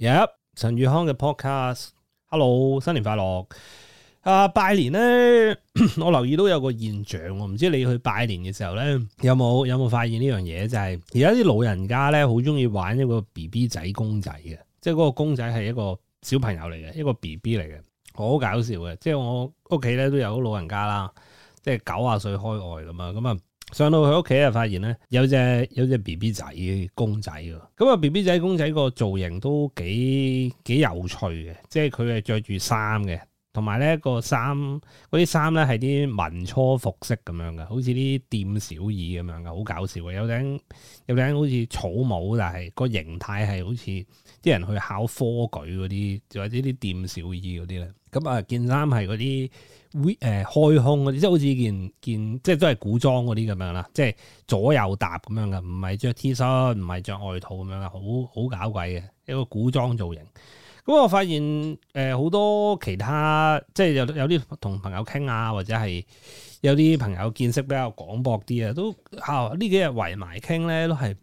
耶！陳宇、yep, 康嘅 podcast，Hello，新年快樂、啊。拜年咧， 我留意都有個現象，我唔知你去拜年嘅時候咧，有冇有冇發現呢樣嘢？就係而家啲老人家咧，好中意玩一個 B B 仔公仔嘅，即係嗰個公仔係一個小朋友嚟嘅，一個 B B 嚟嘅，好搞笑嘅。即係我屋企咧都有個老人家啦，即係九啊歲開外咁啊咁啊。上到佢屋企啊，發現咧有隻有隻 BB 仔公仔喎。咁啊 B B 仔公仔個造型都幾幾有趣嘅，即係佢係着住衫嘅，同埋咧個衫嗰啲衫咧係啲民初服飾咁樣嘅，好似啲店小二咁樣嘅，好搞笑嘅。有頂有頂好似草帽，但係個形態係好似啲人去考科舉嗰啲，或者啲店小二嗰啲咧。咁啊，件衫係嗰啲 V 誒開胸啲，即係好似件件，即係都係古裝嗰啲咁樣啦，即係左右搭咁樣嘅，唔係着 T 恤，唔係着外套咁樣嘅，好好搞鬼嘅一個古裝造型。咁我發現誒好多其他，即係有有啲同朋友傾啊，或者係有啲朋友見識比較廣博啲啊，都啊呢幾日圍埋傾咧，都係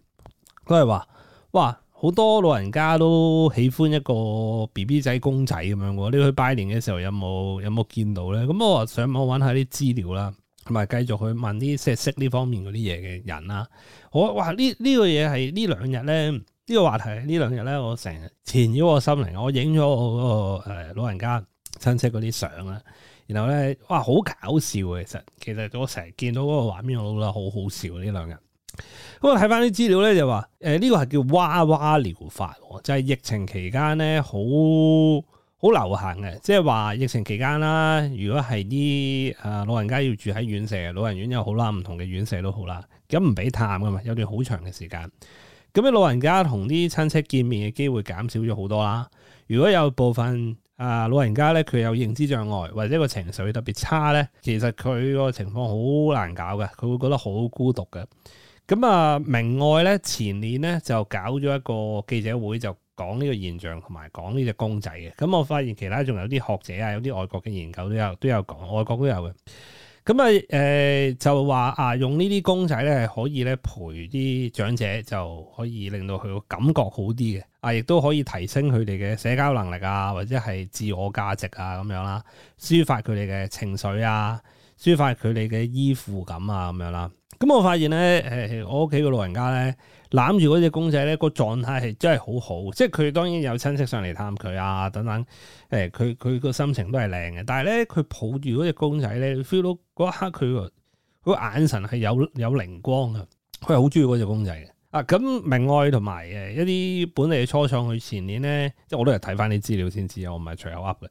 都係話話。好多老人家都喜歡一個 BB 仔公仔咁樣喎，你去拜年嘅時候有冇有冇見到咧？咁我上網揾下啲資料啦，同埋繼續去問啲識識呢方面嗰啲嘢嘅人啦。我哇呢呢、這個嘢係呢兩日咧，呢、這個話題呢兩日咧，我成日填咗我心靈，我影咗我嗰個誒老人家親戚嗰啲相啦。然後咧，哇好搞笑其實其實我成日見到嗰個畫面，我覺得好好笑呢兩日。咁我睇翻啲資料咧，就話誒呢個係叫娃娃療法，就係、是、疫情期間咧好好流行嘅。即係話疫情期間啦，如果係啲誒老人家要住喺院舍，老人院又好啦，唔同嘅院舍都好啦，咁唔俾探噶嘛，有段好長嘅時間，咁啲老人家同啲親戚見面嘅機會減少咗好多啦。如果有部分啊、呃、老人家咧，佢有認知障礙或者個情緒特別差咧，其實佢個情況好難搞嘅，佢會覺得好孤獨嘅。咁啊，明愛咧前年咧就搞咗一個記者會，就講呢個現象同埋講呢隻公仔嘅。咁我發現其他仲有啲學者啊，有啲外國嘅研究都有都有講，外國都有嘅。咁啊，誒、呃、就話啊，用呢啲公仔咧係可以咧陪啲長者，就可以令到佢感覺好啲嘅。啊，亦都可以提升佢哋嘅社交能力啊，或者係自我價值啊咁樣啦，抒發佢哋嘅情緒啊，抒發佢哋嘅依附感啊咁樣啦。咁、嗯、我發現咧，誒、欸，我屋企個老人家咧攬住嗰隻公仔咧，個狀態係真係好好，即係佢當然有親戚上嚟探佢啊，等等，誒、欸，佢佢個心情都係靚嘅。但係咧，佢抱住嗰隻公仔咧，feel 到嗰刻佢個眼神係有有靈光嘅，佢係好中意嗰隻公仔嘅。啊，咁明愛同埋誒一啲本地嘅初創，佢前年咧，即係我都係睇翻啲資料先知啊，我唔係隨口噏嘅。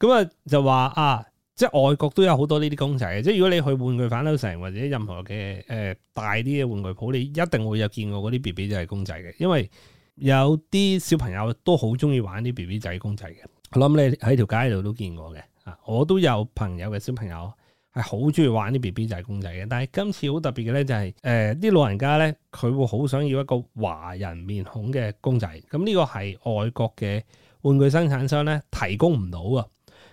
咁啊就話啊。即係外國都有好多呢啲公仔嘅，即係如果你去玩具反斗城或者任何嘅誒、呃、大啲嘅玩具鋪，你一定會有見過嗰啲 B B 仔公仔嘅，因為有啲小朋友都好中意玩啲 B B 仔公仔嘅。我諗你喺條街度都見過嘅，啊，我都有朋友嘅小朋友係好中意玩啲 B B 仔公仔嘅。但係今次好特別嘅咧、就係，就係誒啲老人家咧，佢會好想要一個華人面孔嘅公仔，咁、嗯、呢、呢個係外國嘅玩具生產商咧提供唔到啊。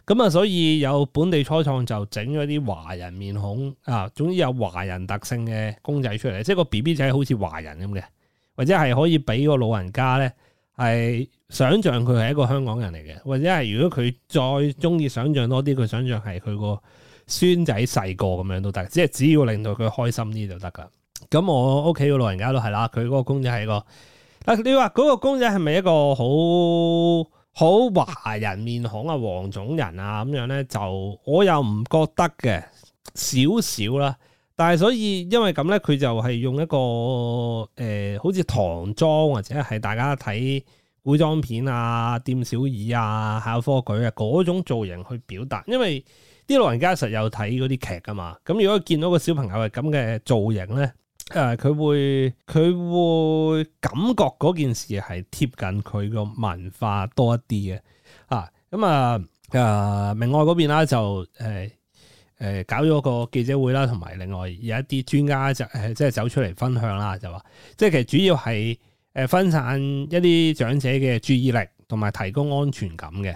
咁啊、嗯，所以有本地初創就整咗啲華人面孔啊，總之有華人特性嘅公仔出嚟，即係個 B B 仔好似華人咁嘅，或者係可以俾個老人家咧，係想像佢係一個香港人嚟嘅，或者係如果佢再中意想像多啲，佢想像係佢個孫仔細個咁樣都得，即係只要令到佢開心啲就得噶。咁我屋企個老人家都係啦，佢嗰個公仔係一個啊，你話嗰個公仔係咪一個好？好華人面孔啊，黃種人啊，咁樣咧就我又唔覺得嘅少少啦，但係所以因為咁咧，佢就係用一個誒、呃，好似唐裝或者係大家睇古裝片啊、店小二啊、考科舉啊嗰種造型去表達，因為啲老人家實有睇嗰啲劇噶嘛，咁如果見到個小朋友係咁嘅造型咧。誒，佢、啊、會佢會感覺嗰件事係貼近佢個文化多一啲嘅、啊，啊，咁啊，誒、啊，明愛嗰邊啦就誒誒、哎、搞咗個記者會啦、啊，同埋另外有一啲專家就誒即係走出嚟分享啦、啊，就話即係其實主要係誒分散一啲長者嘅注意力，同埋提供安全感嘅、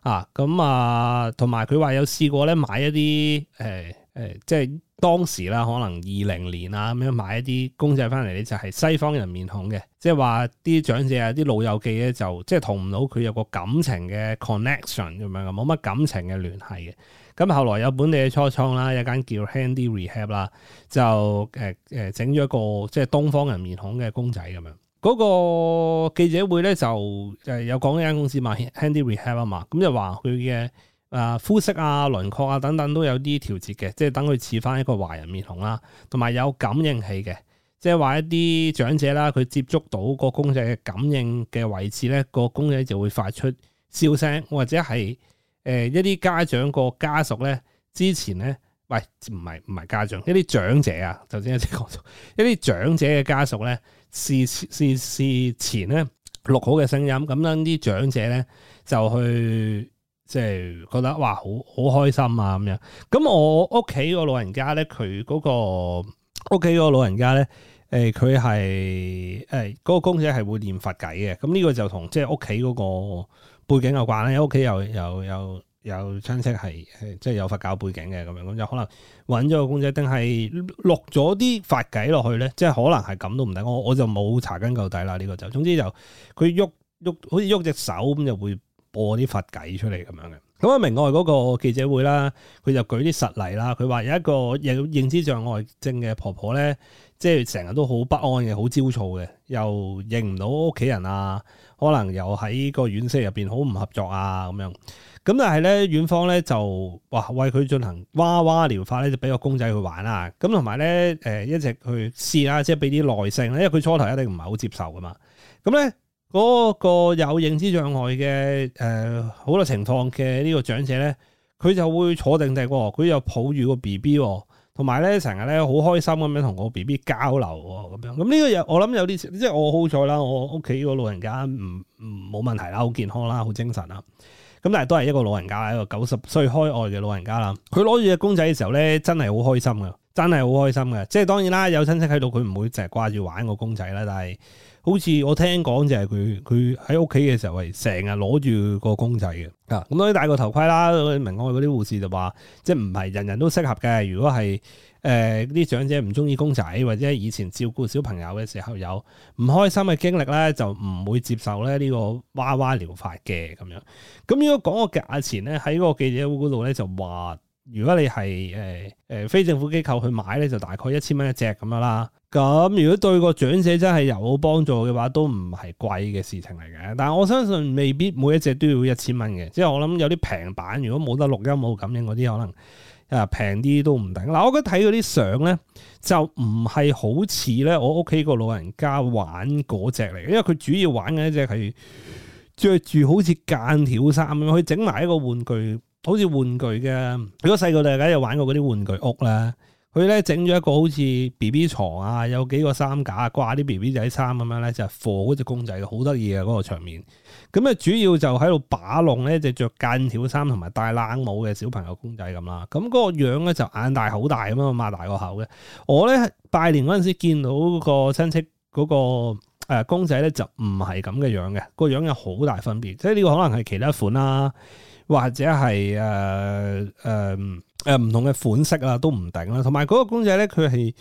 啊，啊，咁啊，同埋佢話有試過咧買一啲誒誒即係。當時啦，可能二零年啦咁樣買一啲公仔翻嚟咧，就係、是、西方人面孔嘅，即係話啲長者啊、啲老友記咧，就即係同唔到佢有個感情嘅 connection 咁樣嘅，冇乜感情嘅聯繫嘅。咁後來有本地嘅初創啦，有一間叫 Handy Rehab 啦，就誒誒整咗一個即係東方人面孔嘅公仔咁樣。嗰、那個記者會咧就誒有講一間公司嘛 Handy Rehab 啊嘛，咁就話佢嘅。誒，膚色啊、輪廓啊等等都有啲調節嘅，即係等佢似翻一個華人面孔啦、啊，同埋有，有感應器嘅，即係話一啲長者啦，佢接觸到個公仔嘅感應嘅位置咧，個公仔就會發出笑聲，或者係誒、呃、一啲家長個家屬咧，之前咧，喂，唔係唔係家長，一啲長者啊，頭先一直講到一啲長者嘅家屬咧，事事事，事前咧錄好嘅聲音，咁等啲長者咧就去。即係覺得哇，好好開心啊！咁樣咁我屋企個老人家咧，佢嗰個屋企個老人家咧，誒佢係誒嗰個公仔係會念佛偈嘅。咁呢個就同即係屋企嗰個背景有關啦。屋企又又有有親戚係即係有佛教背景嘅咁樣，咁就可能揾咗個公仔，定係落咗啲佛偈落去咧。即係可能係咁都唔定，我我就冇查根究底啦。呢個就總之就佢喐喐，好似喐隻手咁，就會。我啲佛偈出嚟咁樣嘅，咁啊明愛嗰個記者會啦，佢就舉啲實例啦。佢話有一個認認知障礙症嘅婆婆咧，即係成日都好不安嘅，好焦躁嘅，又認唔到屋企人啊，可能又喺個院舍入邊好唔合作啊，咁樣。咁但係咧，院方咧就哇為佢進行娃娃療法咧，就俾個公仔佢玩啦。咁同埋咧，誒一直去試下，即係俾啲耐性，因為佢初頭一定唔係好接受噶嘛。咁、嗯、咧。嗰個有認知障礙嘅誒，好、呃、多情況嘅呢個長者咧，佢就會坐定定喎，佢又抱住個 B B，同埋咧成日咧好開心咁樣同個 B B 交流喎、哦，咁樣咁呢、嗯這個我有我諗有啲，即係我好彩啦，我屋企個老人家唔唔冇問題啦，好健康啦，好精神啊，咁、嗯、但係都係一個老人家，一個九十歲開外嘅老人家啦，佢攞住隻公仔嘅時候咧，真係好開心噶。真係好開心嘅，即係當然啦，有親戚喺度，佢唔會淨係掛住玩個公仔啦。但係好似我聽講就係佢佢喺屋企嘅時候係成日攞住個公仔嘅。啊，咁、嗯、當然戴個頭盔啦。明愛嗰啲護士就話，即係唔係人人都適合嘅。如果係誒啲長者唔中意公仔，或者以前照顧小朋友嘅時候有唔開心嘅經歷咧，就唔會接受咧呢個娃娃療法嘅咁樣。咁如果講個價錢咧，喺嗰個記者會嗰度咧就話。如果你係誒誒非政府機構去買咧，就大概一千蚊一隻咁樣啦。咁、嗯、如果對個長者真係有幫助嘅話，都唔係貴嘅事情嚟嘅。但係我相信未必每一隻都要一千蚊嘅，即係我諗有啲平板，如果冇得錄音、冇感應嗰啲，可能啊平啲都唔定。嗱，我覺得睇嗰啲相咧，就唔係好似咧我屋企個老人家玩嗰隻嚟，因為佢主要玩嘅一隻係着住好似間條衫咁樣，佢整埋一個玩具，好似玩具嘅，如果細個大家有玩過嗰啲玩具屋啦，佢咧整咗一個好似 B B 床啊，有幾個衫架掛啲 B B 仔衫咁樣咧，就放嗰隻公仔嘅，好得意嘅嗰個場面。咁、嗯、啊，主要就喺度把弄咧隻着間條衫同埋戴冷帽嘅小朋友公仔咁啦。咁、嗯、嗰、嗰個樣咧就眼大口大咁樣擘大個口嘅。我咧拜年嗰陣時見到個親戚嗰、嗰個誒、呃、公仔咧就唔係咁嘅樣嘅，嗰個樣有好大分別，即係呢個可能係其他款啦。或者係誒誒誒唔同嘅款式啦，都唔定啦。同埋嗰個公仔咧，佢係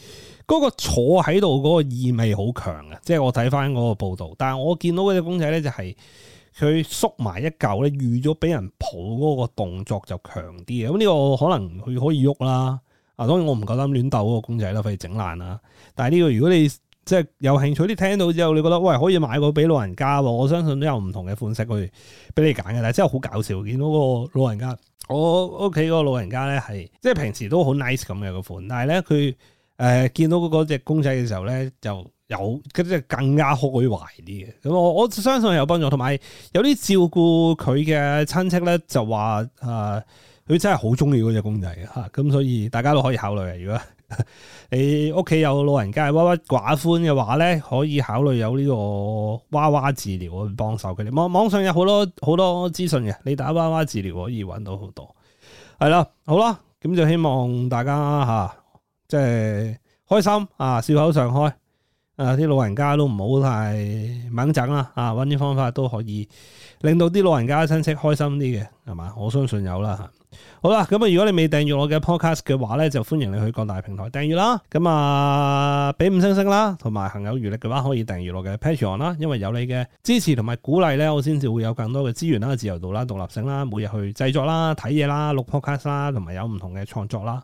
嗰個坐喺度嗰個意味好強嘅，即係我睇翻嗰個報道。但係我見到嗰隻公仔咧，就係、是、佢縮埋一嚿咧，預咗俾人抱嗰個動作就強啲嘅。咁、嗯、呢、這個可能佢可以喐啦。啊，當然我唔夠膽亂鬥嗰個公仔啦，費事整爛啦。但係呢個如果你，即係有興趣，啲聽到之後，你覺得喂可以買個俾老人家喎，我相信都有唔同嘅款式去俾你揀嘅。但係真係好搞笑，見到個老人家，我屋企嗰個老人家咧係即係平時都好 nice 咁樣嘅款，但係咧佢誒見到嗰個隻公仔嘅時候咧就有即係更加開懷啲嘅。咁我我相信有幫助，同埋有啲照顧佢嘅親戚咧就話誒，佢、呃、真係好中意嗰隻公仔嘅咁、啊、所以大家都可以考慮啊，如果。 你屋企有老人家係娃娃寡歡嘅話咧，可以考慮有呢個娃娃治療去幫手佢哋。網網上有好多好多資訊嘅，你打娃娃治療可以揾到好多。係啦，好啦，咁就希望大家吓即係開心啊，笑口常開。啊！啲老人家都唔好太掹整啦，啊，揾啲方法都可以令到啲老人家親戚開心啲嘅，係嘛？我相信有啦，係。好啦，咁啊，如果你未訂閱我嘅 podcast 嘅話咧，就歡迎你去各大平台訂閱啦。咁啊，俾五星星啦，同埋行有餘力嘅話，可以訂閱我嘅 Patreon 啦。因為有你嘅支持同埋鼓勵咧，我先至會有更多嘅資源啦、自由度啦、獨立性啦，每日去製作啦、睇嘢啦、錄 podcast 啦，同埋有唔同嘅創作啦。